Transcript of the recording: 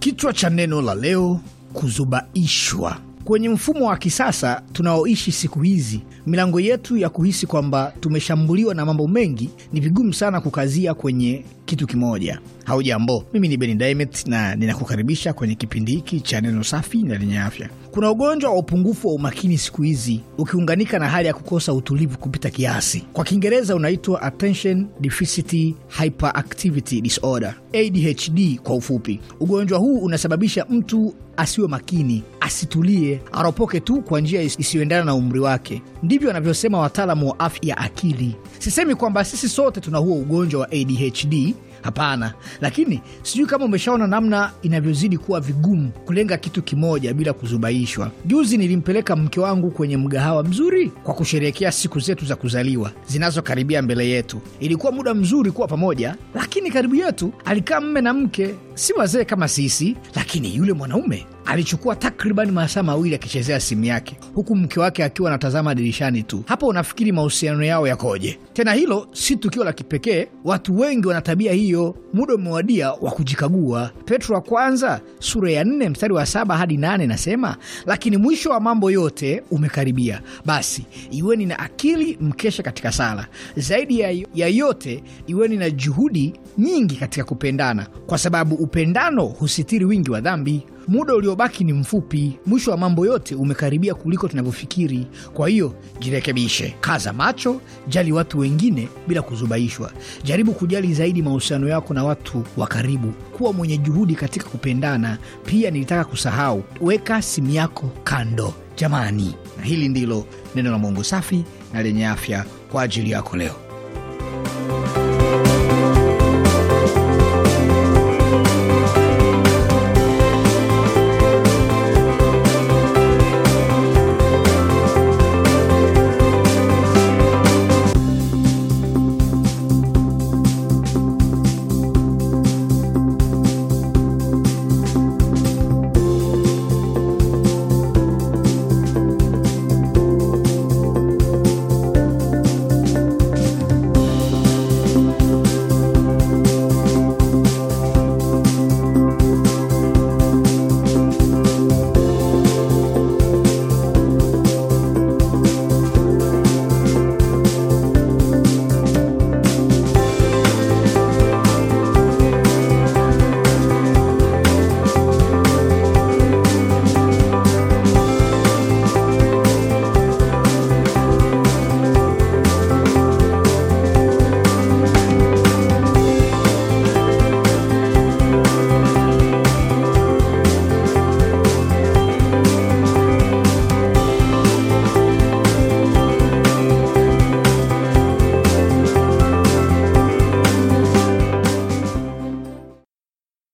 Kichwa cha neno la leo: kuzubaishwa. Kwenye mfumo wa kisasa tunaoishi siku hizi, milango yetu ya kuhisi kwamba tumeshambuliwa na mambo mengi ni vigumu sana kukazia kwenye kitu kimoja. Haujambo, mimi ni Beni Dimet na ninakukaribisha kwenye kipindi hiki cha neno safi na lenye afya. Kuna ugonjwa wa upungufu wa umakini siku hizi ukiunganika na hali ya kukosa utulivu kupita kiasi, kwa Kiingereza unaitwa attention deficit hyperactivity disorder, ADHD kwa ufupi. Ugonjwa huu unasababisha mtu asiwe makini asitulie, aropoke tu kwa njia isiyoendana na umri wake. Ndivyo anavyosema wataalamu wa afya ya akili. Sisemi kwamba sisi sote tuna huo ugonjwa wa ADHD, hapana, lakini sijui kama umeshaona namna inavyozidi kuwa vigumu kulenga kitu kimoja bila kuzubaishwa. Juzi nilimpeleka mke wangu kwenye mgahawa mzuri kwa kusherehekea siku zetu za kuzaliwa zinazokaribia mbele yetu. Ilikuwa muda mzuri kuwa pamoja, lakini karibu yetu alikaa mme na mke, si wazee kama sisi, lakini yule mwanaume alichukua takriban masaa mawili akichezea simu yake huku mke wake akiwa anatazama dirishani tu. Hapo unafikiri mahusiano yao yakoje? Tena hilo si tukio la kipekee, watu wengi wana tabia hiyo. Muda umewadia wa kujikagua. Petro wa kwanza sura ya nne mstari wa saba hadi nane nasema, lakini mwisho wa mambo yote umekaribia, basi iweni na akili, mkesha katika sala. Zaidi ya, ya yote iweni na juhudi nyingi katika kupendana, kwa sababu upendano husitiri wingi wa dhambi. Muda uliobaki ni mfupi, mwisho wa mambo yote umekaribia kuliko tunavyofikiri. Kwa hiyo jirekebishe, kaza macho, jali watu wengine bila kuzubaishwa, jaribu kujali zaidi mahusiano yako na watu wa karibu, kuwa mwenye juhudi katika kupendana. Pia nilitaka kusahau, weka simu yako kando, jamani. Na hili ndilo neno la mwongo safi na lenye afya kwa ajili yako leo.